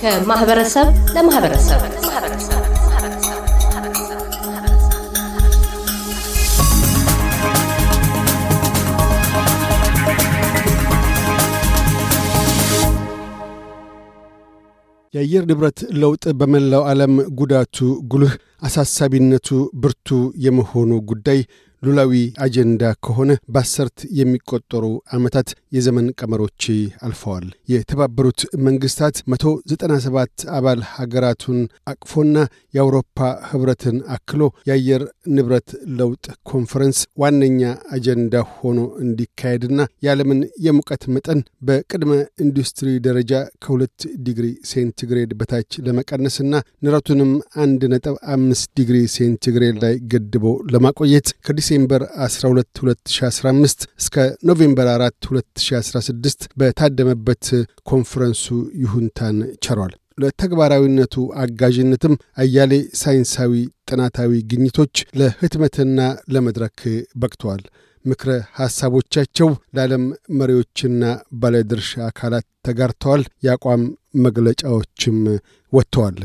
ከማህበረሰብ ለማህበረሰብ የአየር ንብረት ለውጥ በመላው ዓለም ጉዳቱ ጉልህ፣ አሳሳቢነቱ ብርቱ የመሆኑ ጉዳይ ሉላዊ አጀንዳ ከሆነ በአሰርት የሚቆጠሩ ዓመታት የዘመን ቀመሮች አልፈዋል። የተባበሩት መንግስታት ሰባት አባል ሀገራቱን አቅፎና የአውሮፓ ህብረትን አክሎ የአየር ንብረት ለውጥ ኮንፈረንስ ዋነኛ አጀንዳ ሆኖ እንዲካሄድና የዓለምን የሙቀት መጠን በቅድመ ኢንዱስትሪ ደረጃ ከሁለት ዲግሪ ሴንቲግሬድ በታች ለመቀነስና ንረቱንም አንድ ነጥብ አምስት ዲግሪ ሴንቲግሬድ ላይ ገድቦ ለማቆየት ከዲስ ከዲሴምበር 12 2015 እስከ ኖቬምበር 4 2016 በታደመበት ኮንፈረንሱ ይሁንታን ቸሯል። ለተግባራዊነቱ አጋዥነትም አያሌ ሳይንሳዊ ጥናታዊ ግኝቶች ለህትመትና ለመድረክ በቅተዋል። ምክረ ሐሳቦቻቸው ለዓለም መሪዎችና ባለድርሻ አካላት ተጋርተዋል። የአቋም መግለጫዎችም ወጥተዋል።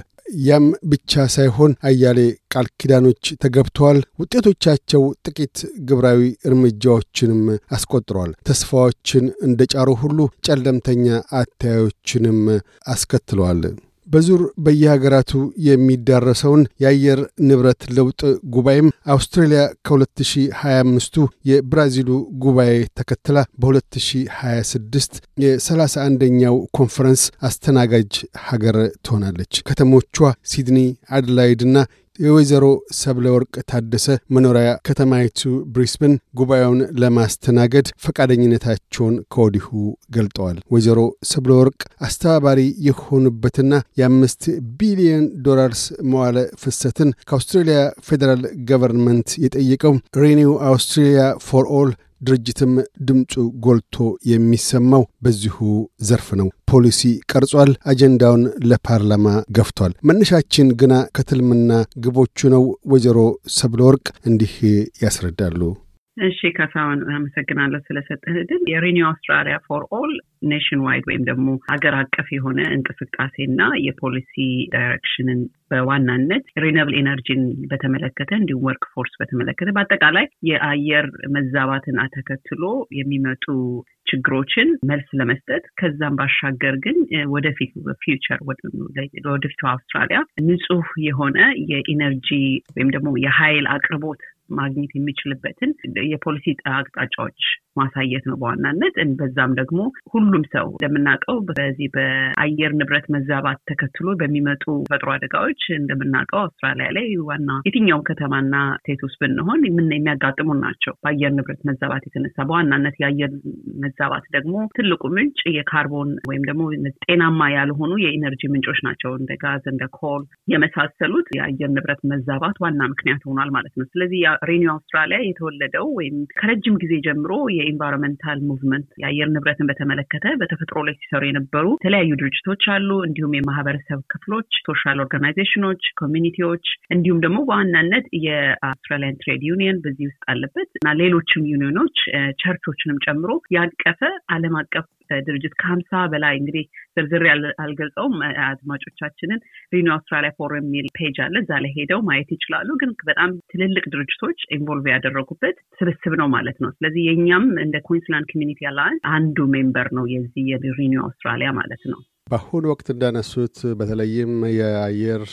ያም ብቻ ሳይሆን አያሌ ቃል ኪዳኖች ተገብተዋል። ውጤቶቻቸው ጥቂት ግብራዊ እርምጃዎችንም አስቆጥሯል ተስፋዎችን እንደ ጫሩ ሁሉ ጨለምተኛ አታዮችንም አስከትለዋል። በዙር በየሀገራቱ የሚዳረሰውን የአየር ንብረት ለውጥ ጉባኤም አውስትራሊያ ከ2025ቱ የብራዚሉ ጉባኤ ተከትላ በ2026 የ31ኛው ኮንፈረንስ አስተናጋጅ ሀገር ትሆናለች። ከተሞቿ ሲድኒ፣ አድላይድ ና የወይዘሮ ሰብለ ወርቅ ታደሰ መኖሪያ ከተማይቱ ብሪስበን ጉባኤውን ለማስተናገድ ፈቃደኝነታቸውን ከወዲሁ ገልጠዋል። ወይዘሮ ሰብለ ወርቅ አስተባባሪ የሆኑበትና የአምስት ቢሊዮን ዶላርስ መዋለ ፍሰትን ከአውስትሬልያ ፌዴራል ገቨርንመንት የጠየቀው ሬኒው አውስትሬልያ ፎር ኦል ድርጅትም ድምፁ ጎልቶ የሚሰማው በዚሁ ዘርፍ ነው። ፖሊሲ ቀርጿል። አጀንዳውን ለፓርላማ ገፍቷል። መነሻችን ግና ከትልምና ግቦቹ ነው። ወይዘሮ ሰብለ ወርቅ እንዲህ ያስረዳሉ። እሺ ካሳሁን አመሰግናለሁ ስለሰጠህ ድል የሪኒው አውስትራሊያ ፎር ኦል ኔሽን ዋይድ ወይም ደግሞ ሀገር አቀፍ የሆነ እንቅስቃሴና የፖሊሲ ዳይሬክሽንን በዋናነት ሪነብል ኤነርጂን በተመለከተ እንዲሁም ወርክ ፎርስ በተመለከተ በአጠቃላይ የአየር መዛባትን ተከትሎ የሚመጡ ችግሮችን መልስ ለመስጠት ከዛም ባሻገር ግን ወደፊት ፊቸር ወደፊቱ አውስትራሊያ ንጹህ የሆነ የኢነርጂ ወይም ደግሞ የሀይል አቅርቦት ማግኘት የሚችልበትን የፖሊሲ አቅጣጫዎች ማሳየት ነው በዋናነት። በዛም ደግሞ ሁሉም ሰው እንደምናውቀው በዚህ በአየር ንብረት መዛባት ተከትሎ በሚመጡ ፈጥሮ አደጋዎች እንደምናውቀው አውስትራሊያ ላይ ዋና የትኛውም ከተማና ስቴት ውስጥ ብንሆን ምን የሚያጋጥሙ ናቸው በአየር ንብረት መዛባት የተነሳ በዋናነት የአየር መዛባት ደግሞ ትልቁ ምንጭ የካርቦን ወይም ደግሞ ጤናማ ያልሆኑ የኢነርጂ ምንጮች ናቸው። እንደ ጋዝ፣ እንደ ኮል የመሳሰሉት የአየር ንብረት መዛባት ዋና ምክንያት ሆኗል ማለት ነው። ስለዚህ ሬኒ አውስትራሊያ የተወለደው ወይም ከረጅም ጊዜ ጀምሮ የኢንቫይሮንመንታል ሙቭመንት የአየር ንብረትን በተመለከተ በተፈጥሮ ላይ ሲሰሩ የነበሩ የተለያዩ ድርጅቶች አሉ። እንዲሁም የማህበረሰብ ክፍሎች፣ ሶሻል ኦርጋናይዜሽኖች፣ ኮሚኒቲዎች እንዲሁም ደግሞ በዋናነት የአውስትራሊያን ትሬድ ዩኒየን በዚህ ውስጥ አለበት እና ሌሎችም ዩኒዮኖች ቸርቾችንም ጨምሮ ያቀፈ አለም አቀፍ ድርጅት ከሀምሳ በላይ እንግዲህ ዝርዝር አልገልጸውም። አድማጮቻችንን ሪኒ አውስትራሊያ ፎር የሚል ፔጅ አለ። እዛ ላይ ሄደው ማየት ይችላሉ። ግን በጣም ትልልቅ ድርጅቶች ኢንቮልቭ ያደረጉበት ስብስብ ነው ማለት ነው። ስለዚህ የእኛም እንደ ኮንስላንድ ኮሚኒቲ ያለ አንዱ ሜምበር ነው የዚህ የሪኒ አውስትራሊያ ማለት ነው። በአሁኑ ወቅት እንዳነሱት በተለይም የአየር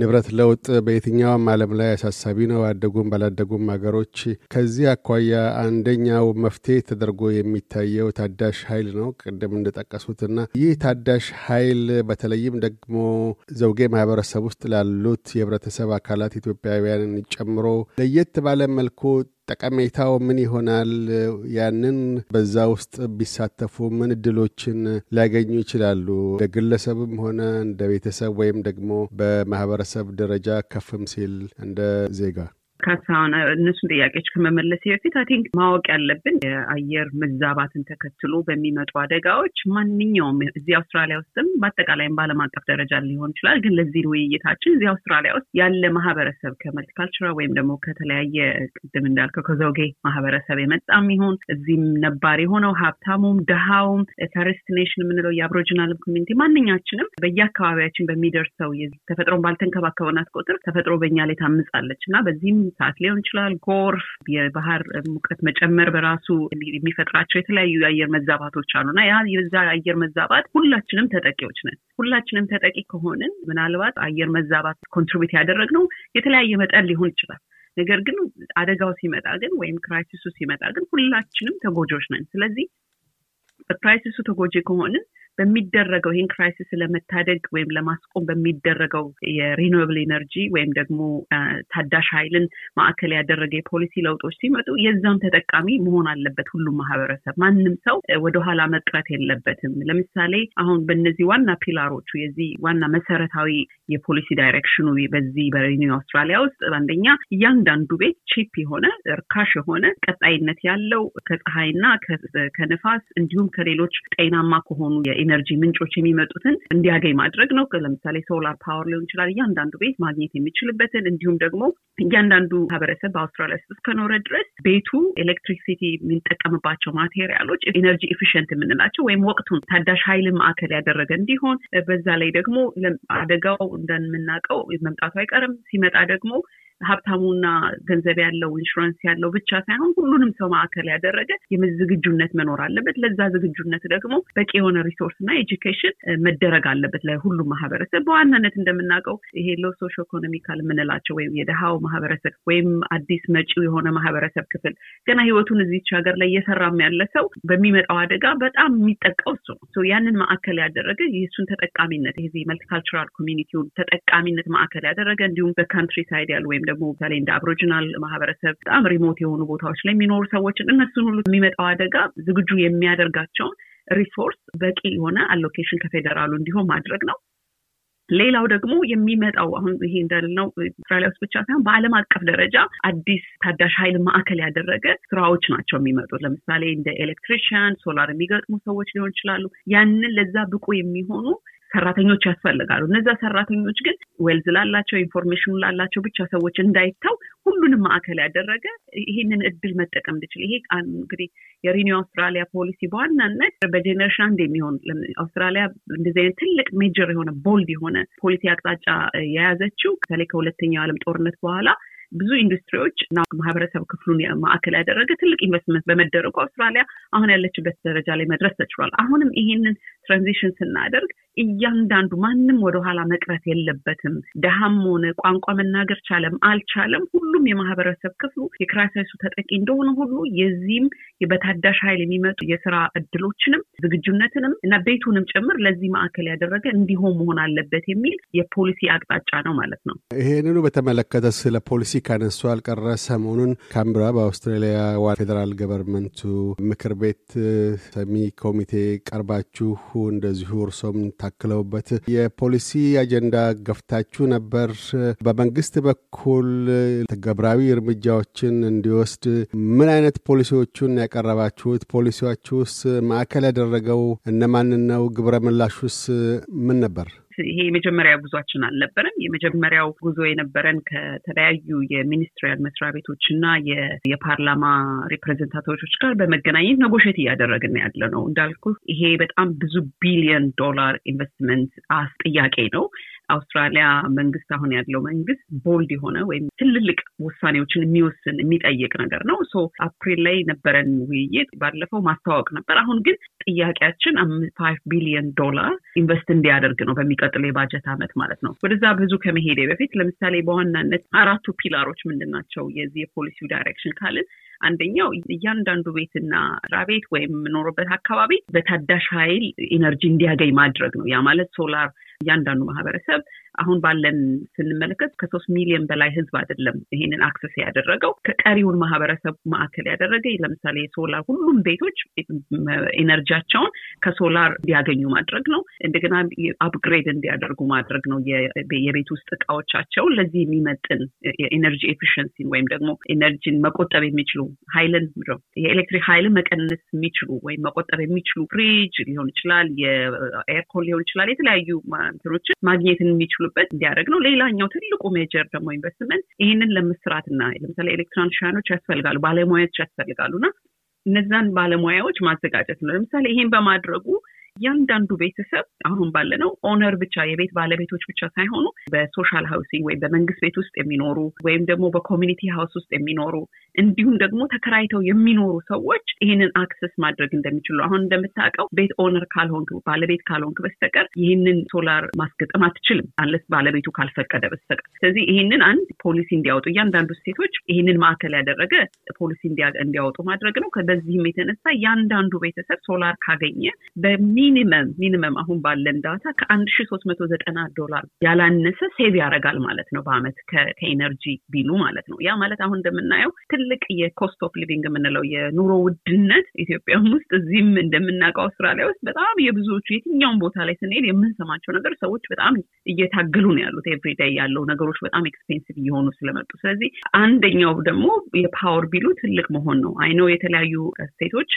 ንብረት ለውጥ በየትኛውም ዓለም ላይ አሳሳቢ ነው፣ አደጉም ባላደጉም ሀገሮች። ከዚህ አኳያ አንደኛው መፍትሄ ተደርጎ የሚታየው ታዳሽ ኃይል ነው፣ ቅድም እንደጠቀሱትና ይህ ታዳሽ ኃይል በተለይም ደግሞ ዘውጌ ማህበረሰብ ውስጥ ላሉት የህብረተሰብ አካላት ኢትዮጵያውያንን ጨምሮ ለየት ባለ መልኩ ጠቀሜታው ምን ይሆናል? ያንን በዛ ውስጥ ቢሳተፉ ምን እድሎችን ሊያገኙ ይችላሉ? እንደ ግለሰብም ሆነ እንደ ቤተሰብ ወይም ደግሞ በማህበረሰብ ደረጃ ከፍም ሲል እንደ ዜጋ ካሳሁን እነሱን ጥያቄዎች ከመመለስ በፊት አይ ቲንክ ማወቅ ያለብን የአየር መዛባትን ተከትሎ በሚመጡ አደጋዎች ማንኛውም እዚህ አውስትራሊያ ውስጥም በአጠቃላይም በአለም አቀፍ ደረጃ ሊሆን ይችላል። ግን ለዚህ ውይይታችን እዚህ አውስትራሊያ ውስጥ ያለ ማህበረሰብ ከመልቲካልቸራል ወይም ደግሞ ከተለያየ ቅድም እንዳልከው ከዘውጌ ማህበረሰብ የመጣም ይሁን እዚህም ነባር የሆነው ሀብታሙም፣ ድሃውም ፈርስት ኔሽን የምንለው የአብሮጂናል ኮሚኒቲ ማንኛችንም በየአካባቢያችን በሚደርሰው ተፈጥሮን ባልተንከባከበናት ቁጥር ተፈጥሮ በኛ ላይ ታምጻለች እና በዚህም እሳት ሊሆን ይችላል፣ ጎርፍ፣ የባህር ሙቀት መጨመር በራሱ የሚፈጥራቸው የተለያዩ የአየር መዛባቶች አሉ እና ያ የዛ የአየር መዛባት ሁላችንም ተጠቂዎች ነን። ሁላችንም ተጠቂ ከሆንን ምናልባት አየር መዛባት ኮንትሪቢዩት ያደረግነው የተለያየ መጠን ሊሆን ይችላል። ነገር ግን አደጋው ሲመጣ ግን ወይም ክራይሲሱ ሲመጣ ግን ሁላችንም ተጎጂዎች ነን። ስለዚህ በክራይሲሱ ተጎጂ ከሆንን በሚደረገው ይህን ክራይሲስ ለመታደግ ወይም ለማስቆም በሚደረገው የሪኖብል ኤነርጂ ወይም ደግሞ ታዳሽ ኃይልን ማዕከል ያደረገ የፖሊሲ ለውጦች ሲመጡ የዛም ተጠቃሚ መሆን አለበት ሁሉም ማህበረሰብ። ማንም ሰው ወደኋላ መቅረት የለበትም። ለምሳሌ አሁን በእነዚህ ዋና ፒላሮቹ የዚህ ዋና መሰረታዊ የፖሊሲ ዳይሬክሽኑ በዚህ በሬኒ አውስትራሊያ ውስጥ አንደኛ እያንዳንዱ ቤት ቺፕ የሆነ እርካሽ የሆነ ቀጣይነት ያለው ከፀሐይና ከንፋስ እንዲሁም ከሌሎች ጤናማ ከሆኑ ኢነርጂ ምንጮች የሚመጡትን እንዲያገኝ ማድረግ ነው። ለምሳሌ ሶላር ፓወር ሊሆን ይችላል። እያንዳንዱ ቤት ማግኘት የሚችልበትን እንዲሁም ደግሞ እያንዳንዱ ማህበረሰብ በአውስትራሊያ ውስጥ እስከኖረ ድረስ ቤቱ ኤሌክትሪክሲቲ የሚጠቀምባቸው ማቴሪያሎች ኢነርጂ ኤፊሽንት የምንላቸው ወይም ወቅቱን ታዳሽ ሀይል ማዕከል ያደረገ እንዲሆን በዛ ላይ ደግሞ አደጋው እንደምናውቀው መምጣቱ አይቀርም። ሲመጣ ደግሞ ሀብታሙና ገንዘብ ያለው ኢንሹራንስ ያለው ብቻ ሳይሆን ሁሉንም ሰው ማዕከል ያደረገ ዝግጁነት መኖር አለበት። ለዛ ዝግጁነት ደግሞ በቂ የሆነ ሪሶርስ እና ኤጁኬሽን መደረግ አለበት ለሁሉም ማህበረሰብ። በዋናነት እንደምናውቀው ይሄ ሎ ሶሽ ኢኮኖሚካል የምንላቸው ወይም የደሃው ማህበረሰብ ወይም አዲስ መጪው የሆነ ማህበረሰብ ክፍል ገና ህይወቱን እዚች ሀገር ላይ እየሰራም ያለ ሰው በሚመጣው አደጋ በጣም የሚጠቃው እሱ ነው። ያንን ማዕከል ያደረገ የእሱን ተጠቃሚነት ይሄ መልቲካልቸራል ኮሚኒቲውን ተጠቃሚነት ማዕከል ያደረገ እንዲሁም በካንትሪ ሳይድ ያሉ ወይም ወይም ደግሞ በተለይ እንደ አብሮጅናል ማህበረሰብ በጣም ሪሞት የሆኑ ቦታዎች ላይ የሚኖሩ ሰዎችን እነሱን ሁሉ የሚመጣው አደጋ ዝግጁ የሚያደርጋቸውን ሪሶርስ በቂ የሆነ አሎኬሽን ከፌዴራሉ እንዲሆን ማድረግ ነው። ሌላው ደግሞ የሚመጣው አሁን ይሄ እንዳልነው ኢስራኤል ውስጥ ብቻ ሳይሆን በአለም አቀፍ ደረጃ አዲስ ታዳሽ ኃይል ማዕከል ያደረገ ስራዎች ናቸው የሚመጡት። ለምሳሌ እንደ ኤሌክትሪሽያን፣ ሶላር የሚገጥሙ ሰዎች ሊሆን ይችላሉ። ያንን ለዛ ብቁ የሚሆኑ ሰራተኞች ያስፈልጋሉ። እነዚያ ሰራተኞች ግን ዌልዝ ላላቸው ኢንፎርሜሽኑ ላላቸው ብቻ ሰዎች እንዳይተው ሁሉንም ማዕከል ያደረገ ይህንን እድል መጠቀም እንድችል ይሄ እንግዲህ የሪኒው አውስትራሊያ ፖሊሲ በዋናነት በጀኔሬሽን አንድ የሚሆን አውስትራሊያ እንደዚህ አይነት ትልቅ ሜጀር የሆነ ቦልድ የሆነ ፖሊሲ አቅጣጫ የያዘችው በተለይ ከሁለተኛው ዓለም ጦርነት በኋላ ብዙ ኢንዱስትሪዎች እና ማህበረሰብ ክፍሉን ማዕከል ያደረገ ትልቅ ኢንቨስትመንት በመደረጉ አውስትራሊያ አሁን ያለችበት ደረጃ ላይ መድረስ ተችሏል። አሁንም ይሄንን ትራንዚሽን ስናደርግ እያንዳንዱ ማንም ወደኋላ መቅረት የለበትም። ደሃም ሆነ ቋንቋ መናገር ቻለም አልቻለም፣ ሁሉም የማህበረሰብ ክፍሉ የክራይሳይሱ ተጠቂ እንደሆነ ሁሉ የዚህም በታዳሽ ኃይል የሚመጡ የስራ እድሎችንም ዝግጁነትንም እና ቤቱንም ጭምር ለዚህ ማዕከል ያደረገ እንዲሆን መሆን አለበት የሚል የፖሊሲ አቅጣጫ ነው ማለት ነው። ይሄንኑ በተመለከተ ስለ ፖሊሲ ካነሱ አልቀረ ሰሞኑን ካምብራ በአውስትራሊያ ፌዴራል ገቨርንመንቱ ምክር ቤት ሰሚ ኮሚቴ ቀርባችሁ እንደዚሁ እርሶም ታክለውበት የፖሊሲ አጀንዳ ገፍታችሁ ነበር። በመንግስት በኩል ተገብራዊ እርምጃዎችን እንዲወስድ ምን አይነት ፖሊሲዎቹን ያቀረባችሁት? ፖሊሲዎቹስ ማዕከል ያደረገው እነማንን ነው? ግብረ ምላሹስ ምን ነበር? ይሄ የመጀመሪያ ጉዟችን አልነበረም። የመጀመሪያው ጉዞ የነበረን ከተለያዩ የሚኒስትሪያል መስሪያ ቤቶች እና የፓርላማ ሪፕሬዘንታቲቮች ጋር በመገናኘት ነጎሸት እያደረግን ያለ ነው። እንዳልኩ ይሄ በጣም ብዙ ቢሊዮን ዶላር ኢንቨስትመንት ጥያቄ ነው። አውስትራሊያ መንግስት አሁን ያለው መንግስት ቦልድ የሆነ ወይም ትልልቅ ውሳኔዎችን የሚወስን የሚጠይቅ ነገር ነው። ሶ አፕሪል ላይ ነበረን ውይይት ባለፈው ማስተዋወቅ ነበር። አሁን ግን ጥያቄያችን ፋይቭ ቢሊዮን ዶላር ኢንቨስት እንዲያደርግ ነው በሚቀጥለው የባጀት ዓመት ማለት ነው። ወደዛ ብዙ ከመሄደ በፊት ለምሳሌ በዋናነት አራቱ ፒላሮች ምንድን ናቸው የዚህ የፖሊሲው ዳይሬክሽን ካልን አንደኛው እያንዳንዱ ቤትና ስራ ቤት ወይም የምኖርበት አካባቢ በታዳሽ ኃይል ኢነርጂ እንዲያገኝ ማድረግ ነው። ያ ማለት ሶላር እያንዳንዱ ማህበረሰብ አሁን ባለን ስንመለከት ከሶስት ሚሊዮን በላይ ህዝብ አይደለም ይሄንን አክሰስ ያደረገው ከቀሪውን ማህበረሰብ ማዕከል ያደረገ ለምሳሌ የሶላር ሁሉም ቤቶች ኤነርጂያቸውን ከሶላር እንዲያገኙ ማድረግ ነው። እንደገና አፕግሬድ እንዲያደርጉ ማድረግ ነው። የቤት ውስጥ እቃዎቻቸውን ለዚህ የሚመጥን የኤነርጂ ኤፊሽንሲ ወይም ደግሞ ኤነርጂን መቆጠብ የሚችሉ ሀይልን የኤሌክትሪክ ኃይልን መቀነስ የሚችሉ ወይም መቆጠብ የሚችሉ ፍሪጅ ሊሆን ይችላል፣ የኤርኮን ሊሆን ይችላል፣ የተለያዩ ማግኘትን የሚችሉ እንዲቀጥሉበት እንዲያደርግ ነው። ሌላኛው ትልቁ ሜጀር ደግሞ ኢንቨስትመንት ይህንን ለመስራትና ለምሳሌ ኤሌክትሮኒሽያኖች ያስፈልጋሉ፣ ባለሙያዎች ያስፈልጋሉ እና እነዛን ባለሙያዎች ማዘጋጀት ነው። ለምሳሌ ይህን በማድረጉ እያንዳንዱ ቤተሰብ አሁን ባለነው ኦነር ብቻ የቤት ባለቤቶች ብቻ ሳይሆኑ በሶሻል ሃውሲንግ ወይም በመንግስት ቤት ውስጥ የሚኖሩ ወይም ደግሞ በኮሚኒቲ ሀውስ ውስጥ የሚኖሩ እንዲሁም ደግሞ ተከራይተው የሚኖሩ ሰዎች ይህንን አክሰስ ማድረግ እንደሚችሉ አሁን እንደምታውቀው ቤት ኦነር ካልሆንክ ባለቤት ካልሆንክ በስተቀር ይህንን ሶላር ማስገጠም አትችልም አንለስ ባለቤቱ ካልፈቀደ በስተቀር ስለዚህ ይህንን አንድ ፖሊሲ እንዲያወጡ እያንዳንዱ ሴቶች ይህንን ማዕከል ያደረገ ፖሊሲ እንዲያወጡ ማድረግ ነው ከበዚህም የተነሳ እያንዳንዱ ቤተሰብ ሶላር ካገኘ በሚ ሚኒመም ሚኒመም አሁን ባለን ዳታ ከአንድ ሺ ሶስት መቶ ዘጠና ዶላር ያላነሰ ሴቭ ያደርጋል ማለት ነው በአመት ከኤነርጂ ቢሉ ማለት ነው። ያ ማለት አሁን እንደምናየው ትልቅ የኮስት ኦፍ ሊቪንግ የምንለው የኑሮ ውድነት ኢትዮጵያም ውስጥ እዚህም እንደምናውቀው አውስትራሊያ ውስጥ በጣም የብዙዎቹ የትኛውም ቦታ ላይ ስንሄድ የምንሰማቸው ነገር ሰዎች በጣም እየታገሉ ነው ያሉት። ኤቭሪዳይ ያለው ነገሮች በጣም ኤክስፔንሲቭ እየሆኑ ስለመጡ፣ ስለዚህ አንደኛው ደግሞ የፓወር ቢሉ ትልቅ መሆን ነው። አይነው የተለያዩ ስቴቶች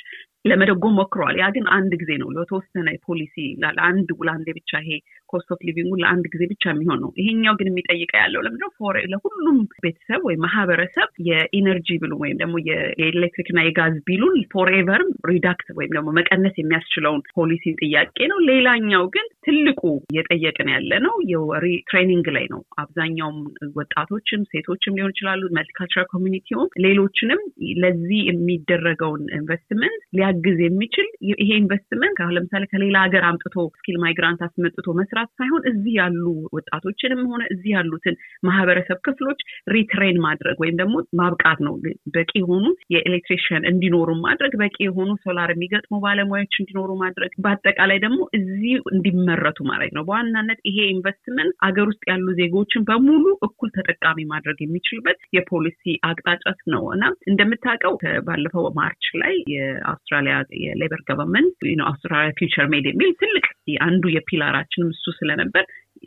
ለመደጎም ሞክረዋል። ያ ግን አንድ ጊዜ ነው፣ ለተወሰነ ፖሊሲ ለአንድ ለአንዴ ብቻ ይሄ ኮስት ኦፍ ሊቪንጉ ለአንድ ጊዜ ብቻ የሚሆን ነው። ይሄኛው ግን የሚጠይቀ ያለው ለምድ ፎር ለሁሉም ቤተሰብ ወይም ማህበረሰብ የኢነርጂ ብሉ ወይም ደግሞ የኤሌክትሪክና የጋዝ ቢሉን ፎርኤቨር ሪዳክት ወይም ደግሞ መቀነስ የሚያስችለውን ፖሊሲ ጥያቄ ነው። ሌላኛው ግን ትልቁ እየጠየቅን ያለ ነው የወሪ ትሬኒንግ ላይ ነው። አብዛኛውም ወጣቶችም ሴቶችም ሊሆን ይችላሉ፣ መልቲካልቸራል ኮሚኒቲውም ሌሎችንም ለዚህ የሚደረገውን ኢንቨስትመንት ሊያግዝ የሚችል ይሄ ኢንቨስትመንት አሁን ለምሳሌ ከሌላ ሀገር አምጥቶ ስኪል ማይግራንት አስመጥቶ መስራት ሳይሆን እዚህ ያሉ ወጣቶችንም ሆነ እዚህ ያሉትን ማህበረሰብ ክፍሎች ሪትሬን ማድረግ ወይም ደግሞ ማብቃት ነው። በቂ የሆኑ የኤሌክትሪሽን እንዲኖሩ ማድረግ፣ በቂ የሆኑ ሶላር የሚገጥሙ ባለሙያዎች እንዲኖሩ ማድረግ፣ በአጠቃላይ ደግሞ እዚህ እንዲመረቱ ማድረግ ነው። በዋናነት ይሄ ኢንቨስትመንት አገር ውስጥ ያሉ ዜጎችን በሙሉ እኩል ተጠቃሚ ማድረግ የሚችልበት የፖሊሲ አቅጣጫት ነው እና እንደምታውቀው ባለፈው ማርች ላይ የአውስትራ የአውስትራሊያ የሌበር ገቨርንመንት አውስትራሊያ ፊውቸር ሜድ የሚል ትልቅ አንዱ የፒላራችንም እሱ ስለነበር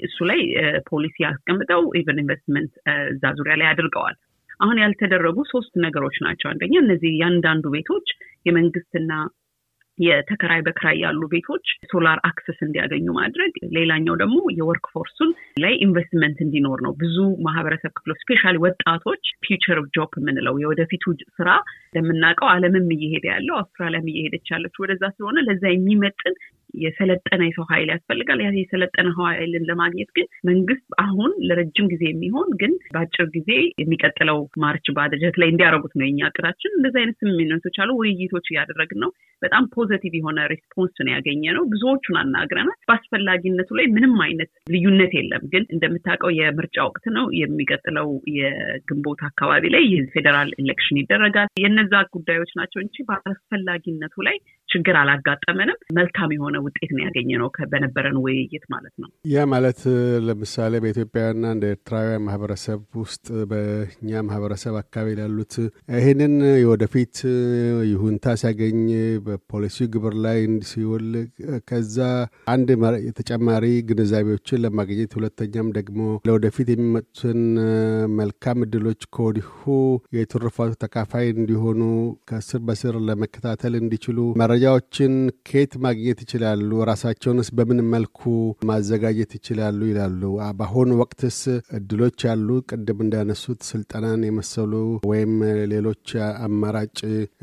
እሱ ላይ ፖሊሲ ያስቀምጠው ኢቨን ኢንቨስትመንት እዛ ዙሪያ ላይ አድርገዋል። አሁን ያልተደረጉ ሶስት ነገሮች ናቸው። አንደኛ እነዚህ እያንዳንዱ ቤቶች የመንግስትና የተከራይ በክራይ ያሉ ቤቶች ሶላር አክሰስ እንዲያገኙ ማድረግ፣ ሌላኛው ደግሞ የወርክ ፎርሱን ላይ ኢንቨስትመንት እንዲኖር ነው። ብዙ ማህበረሰብ ክፍሎች ስፔሻሊ ወጣቶች ፊውቸር ጆብ የምንለው የወደፊቱ ስራ እንደምናውቀው ዓለምም እየሄደ ያለው አውስትራሊያም እየሄደች ያለች ወደዛ ስለሆነ ለዛ የሚመጥን የሰለጠነ የሰው ኃይል ያስፈልጋል። ያ የሰለጠነ ኃይልን ለማግኘት ግን መንግስት አሁን ለረጅም ጊዜ የሚሆን ግን በአጭር ጊዜ የሚቀጥለው ማርች ባጀት ላይ እንዲያደርጉት ነው የኛ እቅዳችን። እንደዚህ አይነት ስምምነቶች አሉ። ውይይቶች እያደረግን ነው። በጣም ፖዘቲቭ የሆነ ሪስፖንስ ነው ያገኘ ነው። ብዙዎቹን አናግረናል። በአስፈላጊነቱ ላይ ምንም አይነት ልዩነት የለም። ግን እንደምታውቀው የምርጫ ወቅት ነው። የሚቀጥለው የግንቦት አካባቢ ላይ የፌዴራል ኤሌክሽን ይደረጋል። የነዛ ጉዳዮች ናቸው እንጂ በአስፈላጊነቱ ላይ ችግር አላጋጠመንም። መልካም የሆነ ውጤት ነው ያገኘ ነው በነበረን ውይይት ማለት ነው። ያ ማለት ለምሳሌ በኢትዮጵያውያንና እንደ ኤርትራውያን ማህበረሰብ ውስጥ በእኛ ማህበረሰብ አካባቢ ላሉት ይህንን የወደፊት ይሁንታ ሲያገኝ በፖሊሲ ግብር ላይ ሲውል ከዛ አንድ ተጨማሪ ግንዛቤዎችን ለማግኘት ሁለተኛም ደግሞ ለወደፊት የሚመጡትን መልካም እድሎች ከወዲሁ የትሩፋቱ ተካፋይ እንዲሆኑ ከስር በስር ለመከታተል እንዲችሉ መረጃዎችን ከየት ማግኘት ይችላሉ? ራሳቸውንስ በምን መልኩ ማዘጋጀት ይችላሉ? ይላሉ። በአሁኑ ወቅትስ እድሎች ያሉ ቅድም እንዳነሱት ስልጠናን የመሰሉ ወይም ሌሎች አማራጭ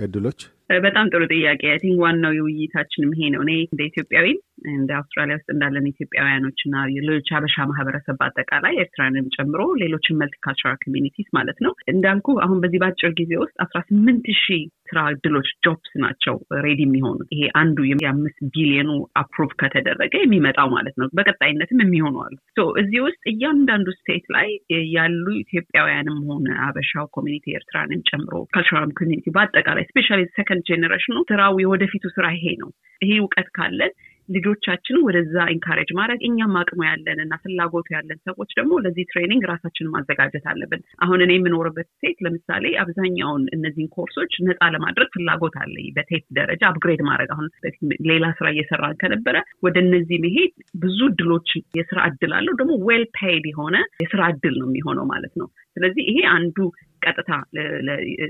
እድሎች በጣም ጥሩ ጥያቄ። አይ ቲንክ ዋናው የውይይታችንም ይሄ ነው። እኔ እንደ ኢትዮጵያዊ እንደ አውስትራሊያ ውስጥ እንዳለን ኢትዮጵያውያኖች እና ሌሎች ሀበሻ ማህበረሰብ በአጠቃላይ ኤርትራንም ጨምሮ ሌሎችን መልቲካልቸራል ኮሚኒቲስ ማለት ነው። እንዳልኩ አሁን በዚህ በአጭር ጊዜ ውስጥ አስራ ስምንት ሺህ ስራ እድሎች ጆብስ ናቸው ሬዲ የሚሆኑት። ይሄ አንዱ የአምስት ቢሊዮኑ አፕሩቭ ከተደረገ የሚመጣው ማለት ነው። በቀጣይነትም የሚሆኑ አሉ። እዚህ ውስጥ እያንዳንዱ ስቴት ላይ ያሉ ኢትዮጵያውያንም ሆነ አበሻው ኮሚኒቲ ኤርትራንም ጨምሮ ካልቸራል ኮሚኒቲ በአጠቃላይ ስፔሻ ሰከንድ ጄኔሬሽኑ ስራው የወደፊቱ ስራ ይሄ ነው። ይሄ እውቀት ካለን ልጆቻችንን ወደዛ ኢንካሬጅ ማድረግ እኛም አቅሙ ያለን እና ፍላጎቱ ያለን ሰዎች ደግሞ ለዚህ ትሬኒንግ ራሳችንን ማዘጋጀት አለብን። አሁን እኔ የምኖርበት ሴት ለምሳሌ አብዛኛውን እነዚህን ኮርሶች ነፃ ለማድረግ ፍላጎት አለኝ። በቴፕ ደረጃ አፕግሬድ ማድረግ አሁን ሌላ ስራ እየሰራን ከነበረ ወደ እነዚህ መሄድ ብዙ እድሎች የስራ እድል አለው ደግሞ ዌል ፔይድ የሆነ የስራ እድል ነው የሚሆነው ማለት ነው። ስለዚህ ይሄ አንዱ ቀጥታ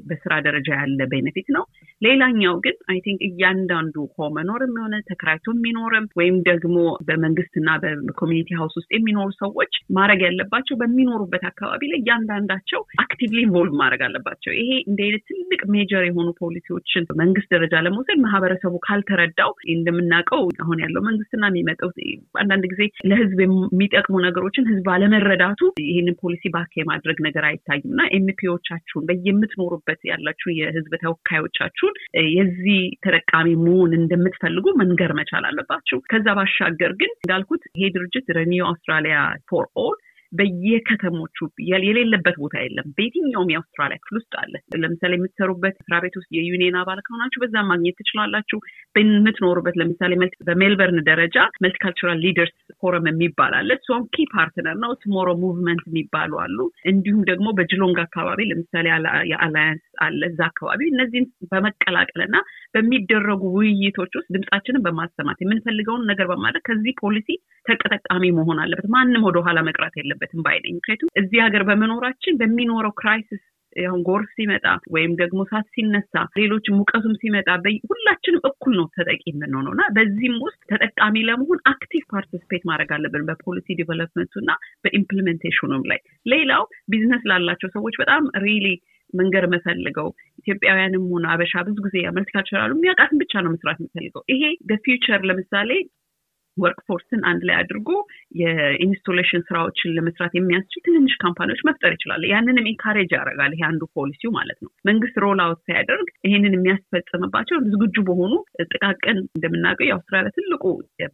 በስራ ደረጃ ያለ ቤኔፊት ነው። ሌላኛው ግን አይ ቲንክ እያንዳንዱ ሆ መኖርም የሆነ ተከራይቶ የሚኖርም ወይም ደግሞ በመንግስትና በኮሚኒቲ ሀውስ ውስጥ የሚኖሩ ሰዎች ማድረግ ያለባቸው በሚኖሩበት አካባቢ ላይ እያንዳንዳቸው አክቲቭሊ ኢንቮልቭ ማድረግ አለባቸው። ይሄ እንደ አይነት ትልቅ ሜጀር የሆኑ ፖሊሲዎችን መንግስት ደረጃ ለመውሰድ ማህበረሰቡ ካልተረዳው እንደምናውቀው አሁን ያለው መንግስትና የሚመጠው አንዳንድ ጊዜ ለህዝብ የሚጠቅሙ ነገሮችን ህዝብ አለመረዳቱ ይህንን ፖሊሲ ባክ የማድረግ ነገር አይታይም እና ኤምፒኦ ተወካዮቻችሁን በየምትኖሩበት ያላችሁ የህዝብ ተወካዮቻችሁን የዚህ ተጠቃሚ መሆን እንደምትፈልጉ መንገር መቻል አለባችሁ። ከዛ ባሻገር ግን እንዳልኩት ይሄ ድርጅት ሬኒው አውስትራሊያ ፎር ኦል በየከተሞቹ የሌለበት ቦታ የለም። በየትኛውም የአውስትራሊያ ክፍል ውስጥ አለ። ለምሳሌ የምትሰሩበት ስራ ቤት ውስጥ የዩኒየን አባል ከሆናችሁ በዛ ማግኘት ትችላላችሁ። በምትኖሩበት ለምሳሌ በሜልበርን ደረጃ መልቲካልቸራል ሊደርስ ፎረም የሚባል አለ። እሷም ኪ ፓርትነር ነው። ትሞሮ ሙቭመንት የሚባሉ አሉ። እንዲሁም ደግሞ በጅሎንግ አካባቢ ለምሳሌ የአላያንስ አለ እዛ አካባቢ። እነዚህን በመቀላቀልና በሚደረጉ ውይይቶች ውስጥ ድምጻችንን በማሰማት የምንፈልገውን ነገር በማድረግ ከዚህ ፖሊሲ ተጠቃሚ መሆን አለበት። ማንም ወደ ኋላ መቅረት የለበትም ባይነኝ። ምክንያቱም እዚህ ሀገር በመኖራችን በሚኖረው ክራይሲስ አሁን ጎርፍ ሲመጣ ወይም ደግሞ ሳት ሲነሳ፣ ሌሎች ሙቀቱም ሲመጣ ሁላችንም እኩል ነው ተጠቂ የምንሆነው እና በዚህም ውስጥ ተጠቃሚ ለመሆን አክቲቭ ፓርቲስፔት ማድረግ አለብን በፖሊሲ ዲቨሎፕመንቱ እና በኢምፕሊሜንቴሽኑም ላይ። ሌላው ቢዝነስ ላላቸው ሰዎች በጣም ሪሊ መንገድ መፈልገው ኢትዮጵያውያንም ሆነ አበሻ ብዙ ጊዜ መልቲካልቸራሉ የሚያውቃትን ብቻ ነው መስራት የሚፈልገው ይሄ በፊውቸር ለምሳሌ ወርክፎርስን አንድ ላይ አድርጎ የኢንስቶሌሽን ስራዎችን ለመስራት የሚያስችል ትንንሽ ካምፓኒዎች መፍጠር ይችላል። ያንንም ኢንካሬጅ ያደርጋል። ይሄ አንዱ ፖሊሲው ማለት ነው። መንግስት ሮል አውት ሳያደርግ ይሄንን የሚያስፈጽምባቸው ዝግጁ በሆኑ ጥቃቅን እንደምናውቀው የአውስትራሊያ ትልቁ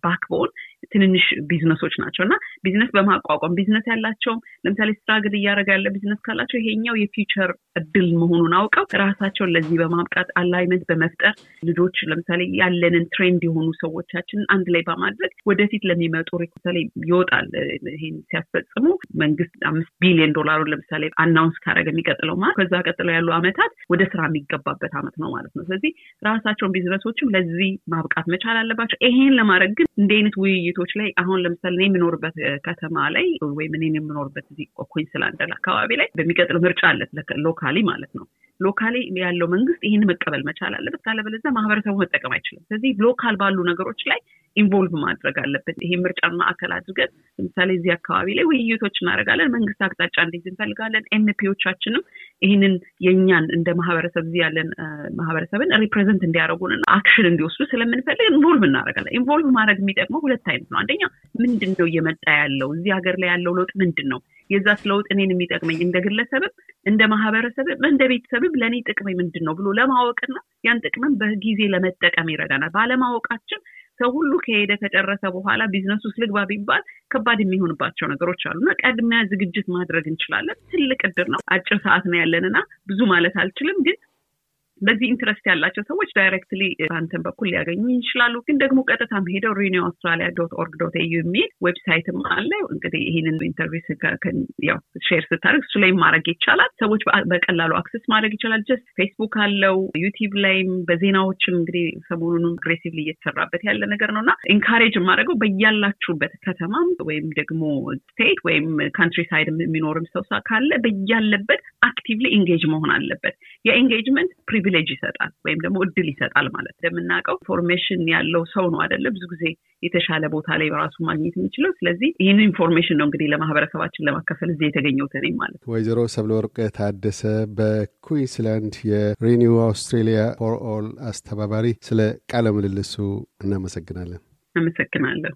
ባክቦን ትንንሽ ቢዝነሶች ናቸው እና ቢዝነስ በማቋቋም ቢዝነስ ያላቸውም ለምሳሌ ስትራግል እያደረገ ያለ ቢዝነስ ካላቸው ይሄኛው የፊውቸር እድል መሆኑን አውቀው ራሳቸውን ለዚህ በማብቃት አላይመንት በመፍጠር ልጆች ለምሳሌ ያለንን ትሬንድ የሆኑ ሰዎቻችንን አንድ ላይ በማድረግ ወደፊት ለሚመጡ ለምሳሌ ይወጣል ይሄን ሲያስፈጽሙ መንግስት አምስት ቢሊዮን ዶላሩን ለምሳሌ አናውንስ ካደረገ የሚቀጥለው ማለት ከዛ ቀጥሎ ያሉ አመታት ወደ ስራ የሚገባበት አመት ነው ማለት ነው። ስለዚህ ራሳቸውን ቢዝነሶችም ለዚህ ማብቃት መቻል አለባቸው። ይሄን ለማድረግ ግን እንዲህ አይነት ውይይቶች ላይ አሁን ለምሳሌ እኔ የምኖርበት ከተማ ላይ ወይም እኔን የምኖርበት እዚህ ኩንስላንድ አካባቢ ላይ በሚቀጥለው ምርጫ አለ ሎካሊ ማለት ነው። ሎካሊ ያለው መንግስት ይህን መቀበል መቻል አለበት። ካለበለዚያ ማህበረሰቡ መጠቀም አይችልም። ስለዚህ ሎካል ባሉ ነገሮች ላይ ኢንቮልቭ ማድረግ አለበት። ይሄ ምርጫን ማዕከል አድርገን ለምሳሌ እዚህ አካባቢ ላይ ውይይቶች እናደርጋለን። መንግስት አቅጣጫ እንዲይዝ እንፈልጋለን። ኤምፒዎቻችንም ይህንን የእኛን እንደ ማህበረሰብ እዚህ ያለን ማህበረሰብን ሪፕሬዘንት እንዲያደርጉን አክሽን እንዲወስዱ ስለምንፈልግ ኢንቮልቭ እናደረጋለን ኢንቮልቭ ማድረግ የሚጠቅመው ሁለት አይነት ነው። አንደኛ ምንድን ነው እየመጣ ያለው እዚህ ሀገር ላይ ያለው ለውጥ ምንድን ነው? የዛስ ለውጥ እኔን የሚጠቅመኝ እንደ ግለሰብም እንደ ማህበረሰብም እንደ ቤተሰብም ለእኔ ጥቅሜ ምንድን ነው ብሎ ለማወቅና ያን ጥቅምም በጊዜ ለመጠቀም ይረዳናል። ባለማወቃችን ሰው ሁሉ ከሄደ ከጨረሰ በኋላ ቢዝነስ ውስጥ ልግባ ቢባል ከባድ የሚሆንባቸው ነገሮች አሉ እና ቀድሚያ ዝግጅት ማድረግ እንችላለን። ትልቅ እድር ነው። አጭር ሰዓት ነው ያለንና ብዙ ማለት አልችልም ግን በዚህ ኢንትረስት ያላቸው ሰዎች ዳይሬክትሊ eh, በአንተን በኩል ሊያገኙ ይችላሉ። ግን ደግሞ ቀጥታም ሄደው ሪኒው አውስትራሊያ ዶት ኦርግ ዶት ኤዩ የሚል ዌብሳይትም አለ። እንግዲህ ይህንን ኢንተርቪው ሼር ስታደርግ እሱ ላይ ማድረግ ይቻላል። ሰዎች በቀላሉ አክሰስ ማድረግ ይቻላል። ጀስ ፌስቡክ አለው፣ ዩቲዩብ ላይም በዜናዎችም እንግዲህ ሰሞኑንም አግሬሲቭሊ እየተሰራበት ያለ ነገር ነው እና ኢንካሬጅ የማደርገው በያላችሁበት ከተማም ወይም ደግሞ ስቴት ወይም ካንትሪ ሳይድ የሚኖርም ሰው ካለ በያለበት አክቲቭሊ ኢንጌጅ መሆን አለበት። የኢንጌጅመንት ፕሪቪ ፕሪቪሌጅ ይሰጣል ወይም ደግሞ እድል ይሰጣል ማለት እንደምናውቀው ኢንፎርሜሽን ያለው ሰው ነው አደለ ብዙ ጊዜ የተሻለ ቦታ ላይ በራሱ ማግኘት የሚችለው ስለዚህ ይህን ኢንፎርሜሽን ነው እንግዲህ ለማህበረሰባችን ለማካፈል እዚህ የተገኘው እኔም ማለት ወይዘሮ ሰብለ ሰብለወርቅ ታደሰ በኩዊንስላንድ የሪኒው አውስትሬሊያ ፎር ኦል አስተባባሪ ስለ ቃለ ምልልሱ እናመሰግናለን አመሰግናለሁ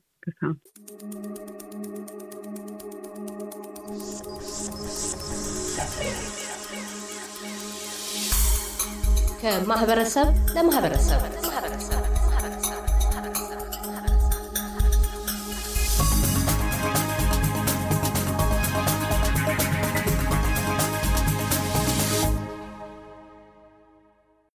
ከማህበረሰብ ለማህበረሰብ ማህበረሰብ